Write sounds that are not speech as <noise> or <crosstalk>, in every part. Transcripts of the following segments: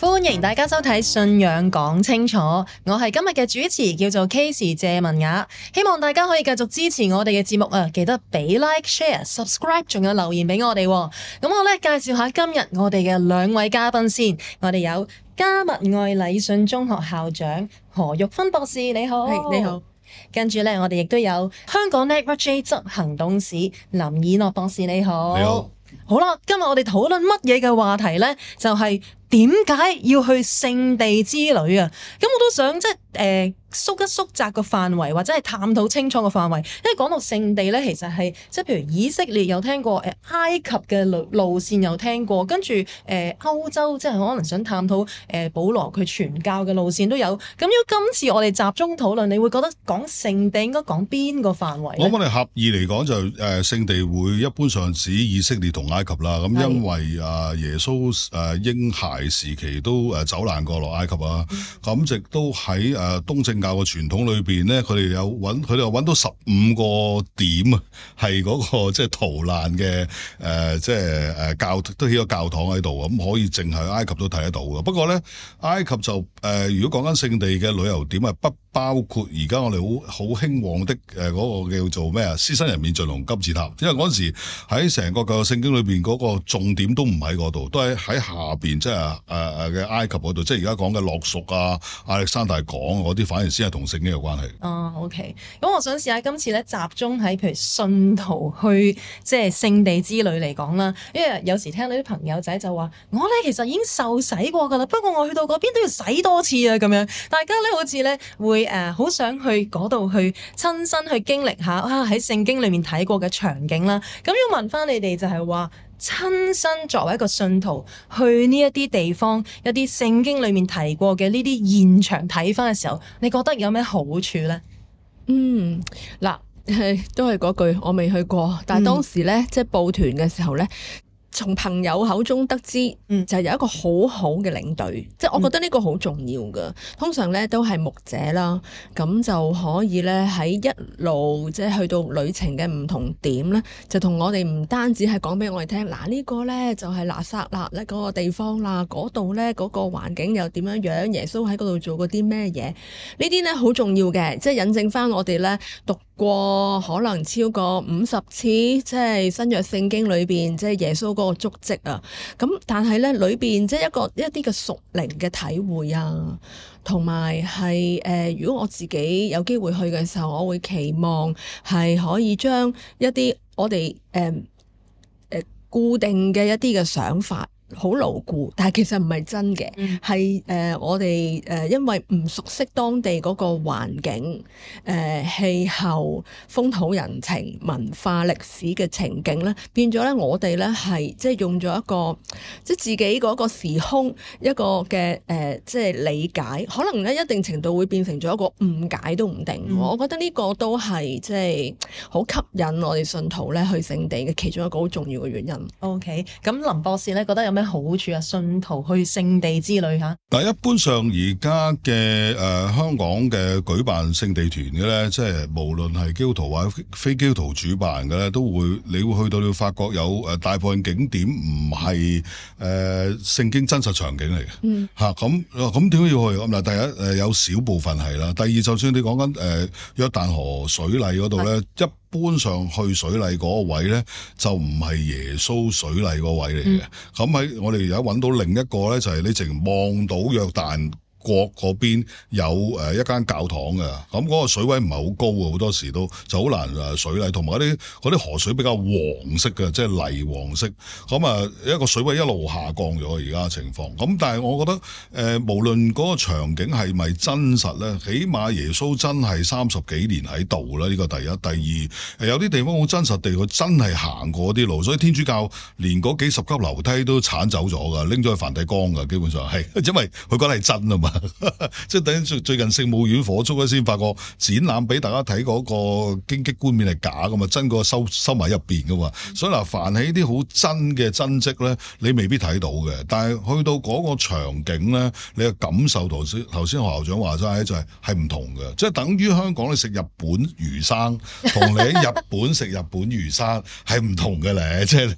歡迎大家收睇《信仰講清楚》，我係今日嘅主持叫做 Casey 謝文雅，希望大家可以繼續支持我哋嘅節目啊！記得俾 Like、Share、Subscribe，仲有留言俾我哋。咁、啊、我咧介紹下今日我哋嘅兩位嘉賓先，我哋有迦密愛禮信中學校長何玉芬博士，你好。你好。跟住咧，我哋亦都有香港 Network J 執行董事林以諾博士，你好。你好。好啦，今日我哋討論乜嘢嘅話題咧？就係、是。點解要去聖地之旅啊？咁我都想即係誒、呃、縮一縮窄個範圍，或者係探討清楚個範圍。因為講到聖地咧，其實係即係譬如以色列有聽過，誒、呃、埃及嘅路線有聽過，跟住誒歐洲即係可能想探討誒保羅佢傳教嘅路線都有。咁如果今次我哋集中討論，你會覺得講聖地應該講邊個範圍咧？我覺得合意嚟講就誒聖地會一般上指以色列同埃及啦。咁因為耶穌啊耶穌誒嬰孩。對時期都誒走難過落埃及啊，咁亦、嗯、都喺誒、啊、東正教嘅傳統裏邊咧，佢哋有揾，佢哋有揾到十五個點啊、那個，係嗰個即係逃難嘅誒，即係誒教都起咗教堂喺度啊，咁、嗯、可以淨係埃及都睇得到嘅。不過咧，埃及就誒、呃，如果講緊聖地嘅旅遊點啊，不包括而家我哋好好興旺嘅誒嗰、呃那個叫做咩啊，獅身人面巨龍金字塔。因為嗰陣時喺成個教，教聖經裏邊嗰個重點都唔喺嗰度，都係喺下邊即係。誒誒嘅埃及嗰度，即係而家講嘅樂蜀啊、亞歷山大港嗰啲，反而先係同聖經有關係。哦、嗯，OK。咁我想試下今次咧，集中喺譬如信徒去即係聖地之旅嚟講啦。因為有時聽到啲朋友仔就話，我咧其實已經受洗過噶啦，不過我去到嗰邊都要洗多次啊，咁樣。大家咧好似咧會誒，好想去嗰度去親身去經歷下啊，喺聖經裏面睇過嘅場景啦。咁要問翻你哋就係話。親身作為一個信徒去呢一啲地方，一啲聖經裏面提過嘅呢啲現場睇翻嘅時候，你覺得有咩好處呢？嗯，嗱，係都係嗰句，我未去過，但係當時呢，嗯、即係報團嘅時候呢。從朋友口中得知，嗯、就有一個好好嘅領隊，即係、嗯、我覺得呢個好重要嘅。通常咧都係牧者啦，咁就可以咧喺一路即係、就是、去到旅程嘅唔同點咧，就同我哋唔單止係講俾我哋聽，嗱、啊這個、呢個咧就係拿撒勒咧嗰個地方啦，嗰度咧嗰個環境又點樣樣，耶穌喺嗰度做過啲咩嘢？呢啲咧好重要嘅，即、就、係、是、引證翻我哋咧讀過可能超過五十次，即、就、係、是、新約聖經裏邊即係耶穌、那個。個足跡啊，咁但係咧裏邊即係一個一啲嘅熟齡嘅體會啊，同埋係誒，如果我自己有機會去嘅時候，我會期望係可以將一啲我哋誒誒固定嘅一啲嘅想法。好牢固，但係其實唔係真嘅，係誒、嗯呃、我哋誒、呃、因為唔熟悉當地嗰個環境、誒、呃、氣候、風土人情、文化歷史嘅情景咧，變咗咧我哋咧係即係用咗一個即係自己嗰個時空一個嘅誒、呃、即係理解，可能咧一定程度會變成咗一個誤解都唔定。嗯、我覺得呢個都係即係好吸引我哋信徒咧去聖地嘅其中一個好重要嘅原因。OK，咁林博士咧覺得有咩？好處啊！信徒去聖地之旅吓。嗱 <noise> 一般上而家嘅誒香港嘅舉辦聖地團嘅咧，即係無論係基督徒或者非基督徒主辦嘅咧，都會你會去到你會發覺有誒大部分景點唔係誒聖經真實場景嚟嘅，吓、嗯，咁咁點解要去咁？嗱第一誒、呃、有少部分係啦，第二就算你講緊誒約旦河水禮嗰度咧，一搬上去水禮嗰個位咧，就唔係耶穌水禮嗰位嚟嘅。咁喺、嗯、我哋而家揾到另一個咧，就係、是、你直望到約旦。國嗰邊有誒一間教堂嘅，咁、那、嗰個水位唔係好高嘅，好多時都就好難誒水禮。同埋嗰啲啲河水比較黃色嘅，即係泥黃色。咁啊，一個水位一路下降咗，而家情況。咁但係我覺得誒、呃，無論嗰個場景係咪真實咧，起碼耶穌真係三十幾年喺度啦。呢、這個第一，第二有啲地方好真實地，佢真係行過啲路。所以天主教連嗰幾十級樓梯都鏟走咗㗎，拎咗去梵蒂岡㗎，基本上係，因為佢覺得係真啊嘛。 <laughs> 即係等最近聖母院火燭咧，先發覺展覽俾大家睇嗰個荊棘冠冕係假噶嘛，真個收收埋入邊噶嘛。嗯、所以嗱，凡係啲好真嘅真迹咧，你未必睇到嘅。但係去到嗰個場景咧，你嘅感受同頭先何校長話齋咧，就係係唔同嘅。即係等於香港你食日本魚生，同你喺日本食日本魚生係唔同嘅咧。即係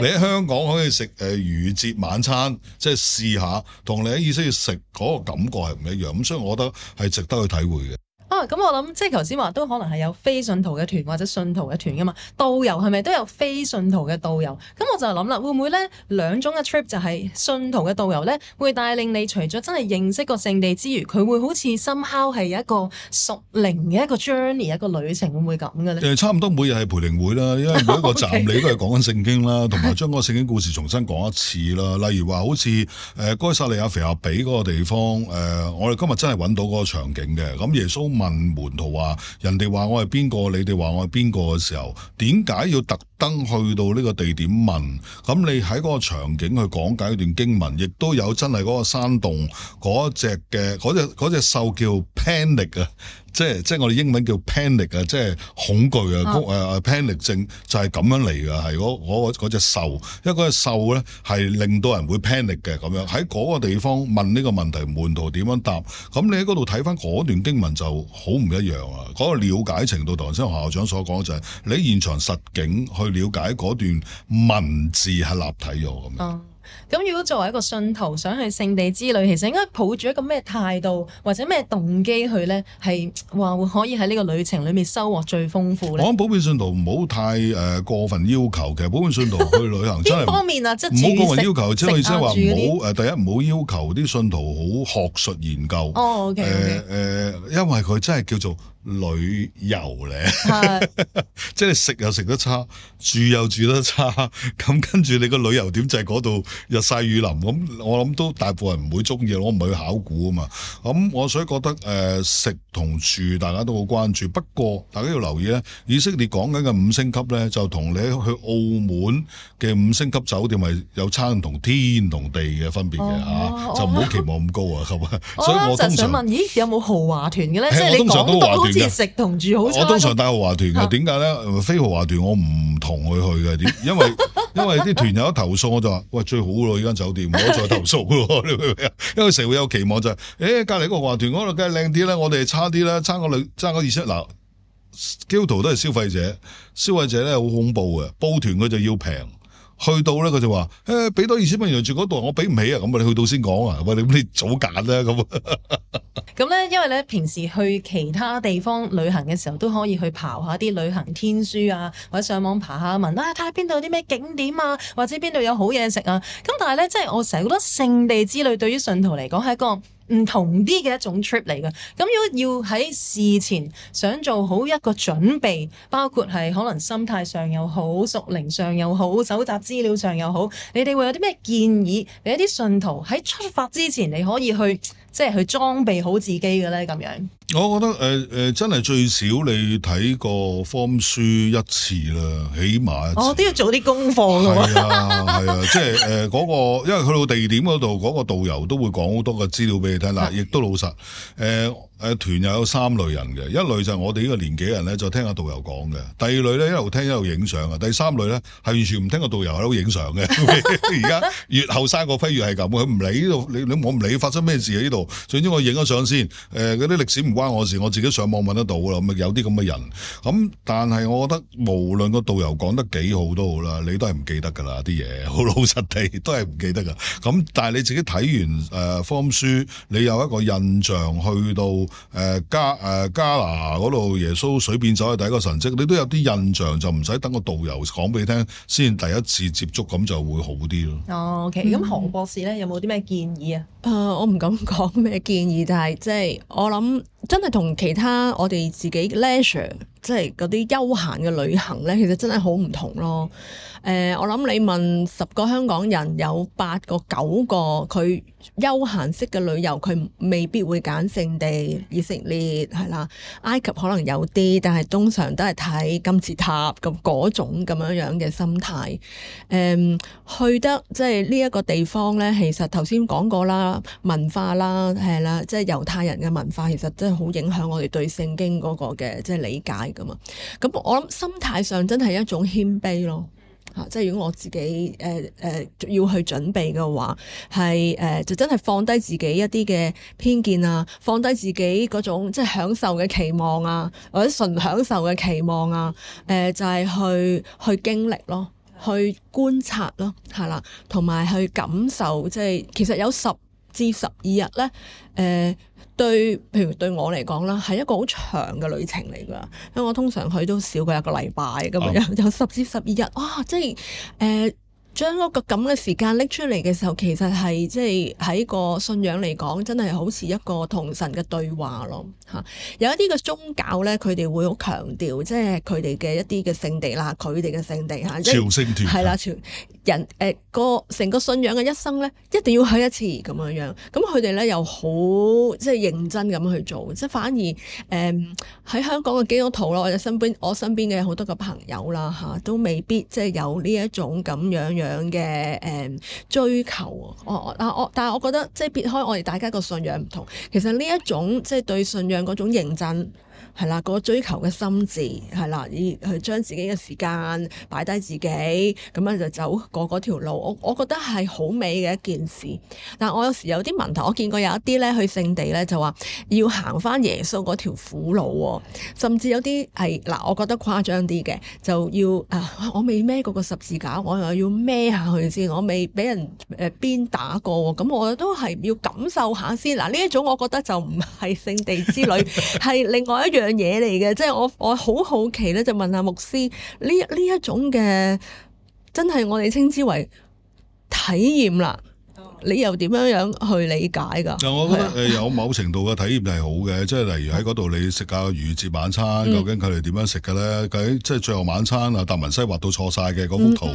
你喺香港可以食誒、呃、魚節晚餐，即係試下，同你喺意思要食嗰個。感覺係唔一樣，咁所以我覺得係值得去體會嘅。咁、啊嗯嗯、我諗即係頭先話都可能係有非信徒嘅團或者信徒嘅團噶嘛，導遊係咪都有非信徒嘅導遊？咁、嗯、我就諗啦，會唔會咧兩種嘅 trip 就係信徒嘅導遊咧，會帶領你除咗真係認識個聖地之餘，佢會好似深敲係一個屬靈嘅一個 journey 一個旅程，會唔會咁嘅咧？差唔多每日係培靈會啦，因為每一個站 <laughs> okay. 你都係講緊聖經啦，同埋將嗰個聖經故事重新講一次啦。例如話好似誒該撒利亞腓立比嗰個地方，誒、呃、我哋今日真係揾到嗰個場景嘅，咁耶穌。問門徒話，人哋話我係邊個，你哋話我係邊個嘅時候，點解要特登去到呢個地點問？咁你喺嗰個場景去講解一段經文，亦都有真係嗰個山洞嗰隻嘅嗰隻嗰隻獸叫 Panic 啊！即係即係我哋英文叫 panic 啊，即係恐懼啊，嗰、oh. 呃、panic 症就係咁樣嚟㗎，係嗰嗰隻獸，因為嗰隻獸咧係令到人會 panic 嘅咁樣，喺嗰個地方問呢個問題，門徒點樣答？咁你喺嗰度睇翻嗰段經文就好唔一樣啊！嗰、嗰個了解程度，頭先校長所講就係你喺現場實景去了解嗰段文字係立體咗咁樣。Oh. 咁如果作為一個信徒想去聖地之旅，其實應該抱住一個咩態度或者咩動機去咧，係話會可以喺呢個旅程裏面收穫最豐富咧？我諗普遍信徒唔好太誒、呃、過分要求，其實普遍信徒去旅行，呢 <laughs> 方面啊，即係唔好過分要求，即係意思係話唔好誒，第一唔好要，要求啲信徒好學術研究。哦，OK，誒、okay. 呃，因為佢真係叫做。旅遊咧，的 <laughs> 即係食又食得差，住又住得差，咁跟住你個旅遊點就係嗰度日曬雨淋，咁我諗都大部分人唔會中意，我唔係去考古啊嘛。咁我所以覺得誒、呃、食同住大家都好關注，不過大家要留意咧，以色列講緊嘅五星級咧，就同你去澳門嘅五星級酒店係有差唔同天同地嘅分別嘅嚇，哦啊、就唔好期望咁高啊，係咪、哦？ <laughs> 所以我通常想問咦有冇豪華團嘅咧？即係你講都食同住好，我通常帶豪華團嘅，點解咧？飛豪華團我唔同佢去嘅，點？因為因為啲團友一投訴，我就話喂最好咯，依間酒店唔好再投訴咯，你明唔明因為社會有期望就係、是，誒隔籬個豪華團嗰度梗係靚啲啦，我哋差啲啦，差個兩差個二息。嗱基 o t 都係消費者，消費者咧好恐怖嘅，報團佢就要平。去到咧，佢就話：誒、欸，俾多二千蚊，原來住嗰度，我俾唔起啊！咁啊，你去到先講啊！喂，你你早揀啦咁。咁咧， <laughs> 因為咧，平時去其他地方旅行嘅時候，都可以去刨下啲旅行天書啊，或者上網爬下問啊，睇下邊度有啲咩景點啊，或者邊度有好嘢食啊。咁但係咧，即係我成日覺得聖地之旅對於信徒嚟講係一個唔同啲嘅一種 trip 嚟嘅，咁如果要喺事前想做好一個準備，包括係可能心態上又好，熟練上又好，搜集資料上又好，你哋會有啲咩建議俾一啲信徒喺出發之前，你可以去即係去裝備好自己嘅咧，咁樣。我覺得誒誒、呃呃、真係最少你睇過方書一次啦，起碼我、哦、都要做啲功課㗎喎。係啊，啊啊 <laughs> 即係誒嗰個，因為去到地點嗰度，嗰、嗰個導遊都會講好多個資料俾你睇啦，亦的都老實誒。呃誒團又有三類人嘅，一類就係我哋呢個年紀人咧，就聽下導遊講嘅；第二類咧，一路聽一路影相嘅；第三類咧，係完全唔聽個導遊，喺度影相嘅。而家越後生個批越係咁，佢唔理呢度，你你我唔理發生咩事喺呢度。總之我，我影咗相先。誒嗰啲歷史唔關我事，我自己上網揾得到啦。咪有啲咁嘅人。咁、嗯、但係我覺得，無論個導遊講得幾好都好啦，你都係唔記得㗎啦啲嘢。好老實地，都係唔記得㗎。咁、嗯、但係你自己睇完誒、呃、方書，你有一個印象去到。誒、呃、加誒、呃、加拿嗰度耶穌水變酒，係第一個神迹，你都有啲印象就唔使等個導遊講俾你聽，先第一次接觸咁就會好啲咯。OK 咁何博士咧有冇啲咩建議啊？誒、呃，我唔敢講咩建議，但係即係我諗真係同其他我哋自己 leisure，即係嗰啲休閒嘅旅行呢，其實真係好唔同咯。誒、呃，我諗你問十個香港人，有八個九個閒，佢休閒式嘅旅遊，佢未必會揀聖地以色列係啦，埃及可能有啲，但係通常都係睇金字塔咁嗰種咁樣樣嘅心態。誒、呃，去得即係呢一個地方呢，其實頭先講過啦。文化啦，係啦，即係猶太人嘅文化，其實真係好影響我哋對聖經嗰個嘅即係理解㗎嘛。咁我諗心態上真係一種謙卑咯，吓、啊，即係如果我自己誒誒、呃呃、要去準備嘅話，係誒、呃、就真係放低自己一啲嘅偏見啊，放低自己嗰種即係享受嘅期望啊，或者純享受嘅期望啊，誒、呃、就係、是、去去經歷咯，去觀察咯，係啦，同埋去感受，即係其實有十。至十二日咧，誒、呃、對，譬如對我嚟講啦，係一個好長嘅旅程嚟㗎。因為我通常去都少過一個禮拜㗎嘛，嗯、 <laughs> 有十至十二日，哇、哦！即係誒將嗰個咁嘅時間拎出嚟嘅時候，其實係即係喺個信仰嚟講，真係好似一個同神嘅對話咯嚇、啊。有一啲嘅宗教咧，佢哋會好強調，即係佢哋嘅一啲嘅聖地啦，佢哋嘅聖地嚇，啊、朝聖係啦，朝。 <laughs> 人誒，個成個信仰嘅一生咧，一定要去一次咁樣樣。咁佢哋咧又好即係認真咁去做，即係反而誒喺、呃、香港嘅基督徒咯，或者身邊我身邊嘅好多個朋友啦嚇，都未必即係有呢一種咁樣樣嘅誒追求。我我我，但係我覺得即係撇開我哋大家個信仰唔同，其實呢一種即係對信仰嗰種認真。係啦，個追求嘅心智係啦，以去將自己嘅時間擺低自己，咁樣就走過嗰條路。我我覺得係好美嘅一件事。但我有時有啲問題，我見過有一啲咧去聖地咧就話要行翻耶穌嗰條苦路喎，甚至有啲係嗱，我覺得誇張啲嘅，就要啊我未孭嗰個十字架，我又要孭下去先，我未俾人誒鞭打過，咁我都係要感受下先。嗱呢一種我覺得就唔係聖地之旅，係另外一樣嘢嚟嘅，即係我我好好奇咧，就問下牧師呢呢一,一種嘅，真係我哋稱之為體驗啦。你又點樣樣去理解噶？我覺得誒有某程度嘅體驗係好嘅，即係 <laughs> 例如喺嗰度你食下逾越節晚餐，究竟佢哋點樣食嘅咧？究竟即係最後晚餐啊，達文西畫到錯晒嘅嗰幅圖，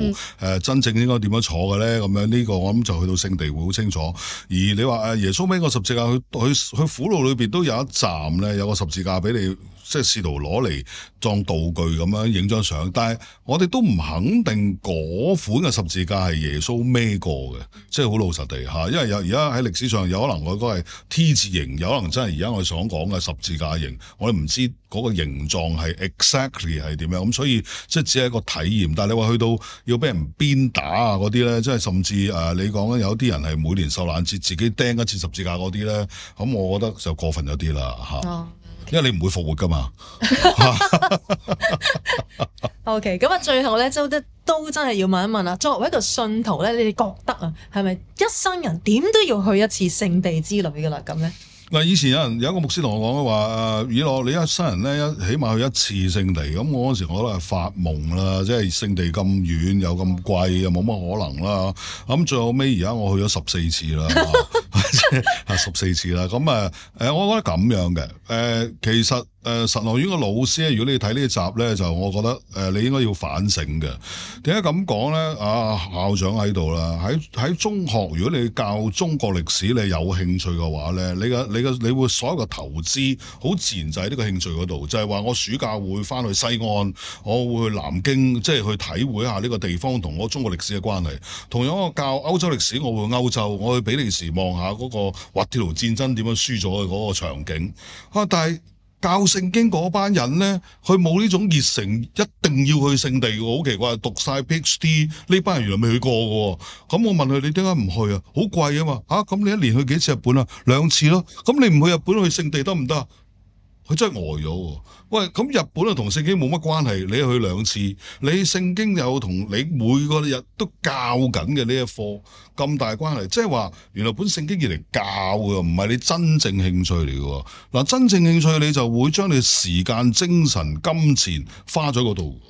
誒真正應該點樣坐嘅咧？咁、嗯嗯、樣呢個我諗就去到聖地會好清楚。而你話誒耶穌孭個十字架，去去去苦路裏邊都有一站咧，有個十字架俾你。即係試圖攞嚟裝道具咁樣影張相，但係我哋都唔肯定嗰款嘅十字架係耶穌孭過嘅，即係好老實地吓。因為有而家喺歷史上有可能我嗰係 T 字形，有可能真係而家我哋所講嘅十字架形，我哋唔知嗰個形狀係 exactly 係點樣。咁所以即係只係一個體驗。但係你話去到要俾人鞭打啊嗰啲咧，即係甚至誒你講緊有啲人係每年受難節自己釘一次十字架嗰啲咧，咁我覺得就過分咗啲啦吓。哦因為你唔會復活噶嘛。OK，咁啊，最後咧，周德都真係要問一問啦。作為一個信徒咧，你哋覺得啊，係咪一生人點都要去一次聖地之旅噶啦？咁咧？嗱，以前有人有一個牧師同我講咧，話，以、呃、往你一生人咧，起碼去一次聖地。咁我嗰時我都係發夢啦，即係聖地咁遠又咁貴，又冇乜可能啦。咁、嗯、最後尾而家我去咗十四次啦，十四 <laughs> <laughs> 次啦。咁、嗯、誒、呃，我覺得咁樣嘅誒、呃，其實。誒神學院嘅老師咧，如果你睇呢集呢，就我覺得誒、呃，你應該要反省嘅。點解咁講呢？啊，校長喺度啦，喺喺中學，如果你教中國歷史，你有興趣嘅話呢，你嘅你嘅你，你會所有嘅投資，好自然就喺呢個興趣嗰度，就係、是、話我暑假會翻去西安，我會去南京，即、就、係、是、去體會一下呢個地方同我中國歷史嘅關係。同樣我教歐洲歷史，我會去歐洲，我去比利時望下嗰個滑鐵盧戰爭點樣輸咗嘅嗰個場景啊，但係。教聖經嗰班人咧，佢冇呢種熱誠，一定要去聖地嘅，好奇怪。讀晒 PhD 呢班人原來未去過嘅，咁、嗯、我問佢：你點解唔去啊？好貴啊嘛，嚇、啊、咁你一年去幾次日本啊？兩次咯，咁、嗯、你唔去日本去聖地得唔得？佢真係呆咗喎！喂，咁日本啊同聖經冇乜關係，你去兩次，你聖經有同你每個日都教緊嘅呢一課咁大關係，即係話原來本聖經要嚟教嘅，唔係你真正興趣嚟嘅。嗱，真正興趣你就會將你時間、精神、金錢花咗喺嗰度。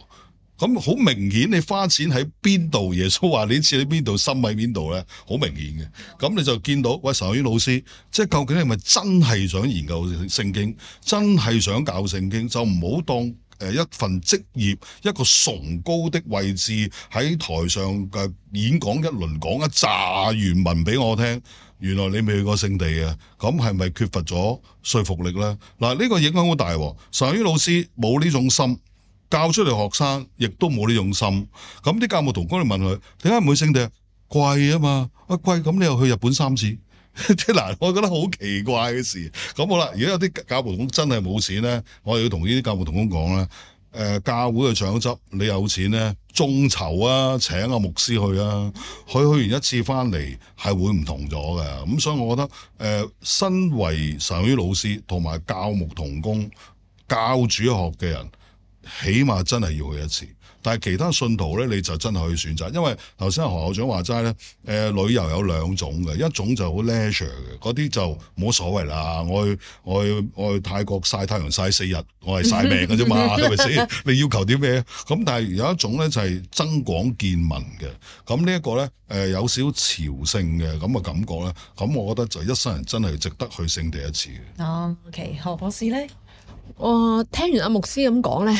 咁好明顯，你花錢喺邊度？耶穌話：你置喺邊度，心喺邊度呢，好明顯嘅。咁你就見到，喂，神學院老師，即係究竟你係咪真係想研究聖經，真係想教聖經，就唔好當誒一份職業，一個崇高的位置喺台上嘅演講一輪講一紮原文俾我聽。原來你未去過聖地呀，咁係咪缺乏咗說服力呢？嗱，呢個影響好大喎。神學院老師冇呢種心。教出嚟學生亦都冇啲用心，咁啲教牧同工你問佢，點解唔去聖地？貴啊嘛，啊貴，咁你又去日本三次，即嗱，我覺得好奇怪嘅事。咁好啦，如果有啲教牧同工真係冇錢咧，我又要同呢啲教牧同工講咧，誒、呃、教會嘅長執，你有錢咧，眾籌啊請阿、啊、牧師去啊，佢去完一次翻嚟係會唔同咗嘅。咁、嗯、所以我覺得誒、呃，身為神學老師同埋教牧同工教主學嘅人。起碼真係要去一次，但係其他信徒咧你就真係可以選擇，因為頭先何校長話齋咧，誒、呃、旅遊有兩種嘅，一種就好 leisure 嘅，嗰啲就冇所謂啦，我去我去我去，我去泰國晒太陽晒四日，我係晒命㗎啫嘛，係咪先？你要求啲咩？咁但係有一種咧就係、是、增廣見聞嘅，咁呢一個咧誒有少少朝聖嘅咁嘅感覺咧，咁我覺得就一生人真係值得去聖地一次嘅。o、oh, k、okay。何博士咧，我、呃、聽完阿牧師咁講咧。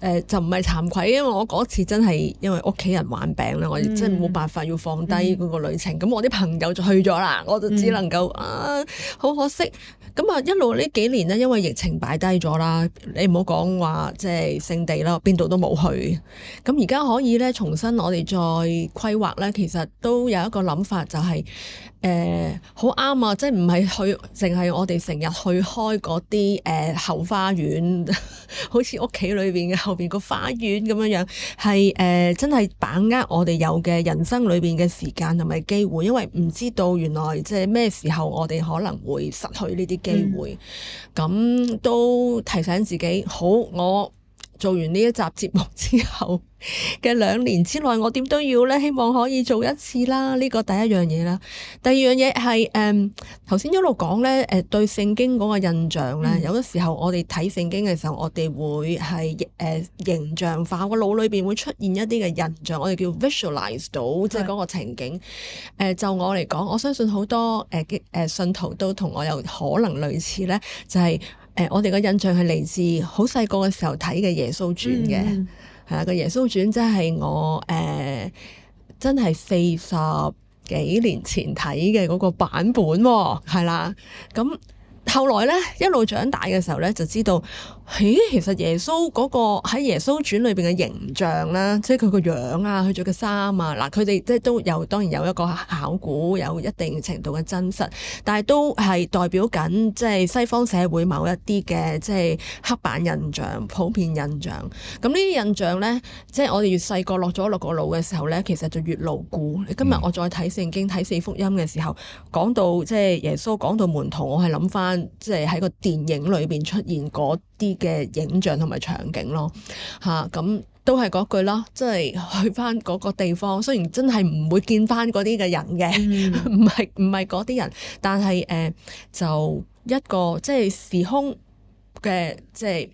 誒、呃、就唔係慚愧，因為我嗰次真係因為屋企人患病啦，嗯、我真係冇辦法要放低嗰個旅程。咁、嗯、我啲朋友就去咗啦，我就只能夠、嗯、啊，好可惜。咁啊，一路呢幾年呢，因為疫情擺低咗啦，你唔好講話即係聖地啦，邊度都冇去。咁而家可以咧重新我哋再規劃咧，其實都有一個諗法，就係誒好啱啊！即係唔係去，淨係我哋成日去開嗰啲誒後花園， <laughs> 好似屋企裏邊嘅。後邊個花園咁樣樣，係誒、呃，真係把握我哋有嘅人生裏邊嘅時間同埋機會，因為唔知道原來即係咩時候我哋可能會失去呢啲機會，咁、嗯、都提醒自己，好，我。做完呢一集節目之後嘅兩年之內，我點都要咧，希望可以做一次啦。呢個第一樣嘢啦，第二樣嘢係誒，頭先一路講咧，誒對聖經嗰個印象咧，嗯，有啲時候我哋睇聖經嘅時候，我哋會係誒形象化，個腦裏邊會出現一啲嘅印象，我哋叫 visualize 到，是，即係嗰個情景。誒，就我嚟講，我相信好多誒誒信徒都同我有可能類似咧，就係。誒、呃，我哋個印象係嚟自好細個嘅時候睇嘅耶穌傳嘅，係啦個耶穌傳真係我誒、呃、真係四十幾年前睇嘅嗰個版本，哦，係啦，咁，嗯嗯，後來咧一路長大嘅時候咧就知道。咦，其實耶穌嗰個喺耶穌傳裏邊嘅形象啦，即係佢個樣啊，佢著嘅衫啊，嗱，佢哋即係都有當然有一個考古，有一定程度嘅真實，但係都係代表緊即係西方社會某一啲嘅即係黑板印象、普遍印象。咁呢啲印象呢，即係我哋越細個落咗落個腦嘅時候呢，其實就越牢固。今日我再睇聖經睇四福音嘅時候，講到即係耶穌講到門徒，我係諗返即係喺個電影裏邊出現嗰啲嘅影像同埋場景咯，吓、啊，咁都係嗰句啦，即係去翻嗰個地方，雖然真係唔會見翻嗰啲嘅人嘅，唔係唔係嗰啲人，但係誒、呃、就一個即係時空嘅即係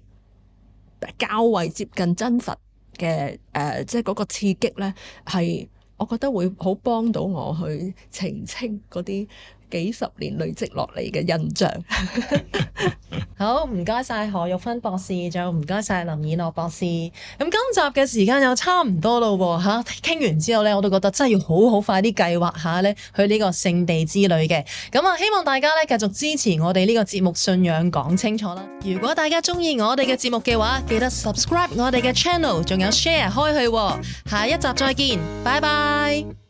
較為接近真實嘅誒、呃，即係嗰個刺激咧，係我覺得會好幫到我去澄清嗰啲。幾十年累積落嚟嘅印象 <laughs> <laughs> 好，好唔該晒何玉芬博士，仲有唔該晒林以諾博士。咁今集嘅時間又差唔多咯喎，吓、啊、傾完之後呢，我都覺得真係要好好快啲計劃下呢去呢個聖地之旅嘅。咁啊，希望大家呢繼續支持我哋呢個節目，信仰講清楚啦。如果大家中意我哋嘅節目嘅話，記得 subscribe 我哋嘅 channel，仲有 share 開去、啊。下一集再見，拜拜。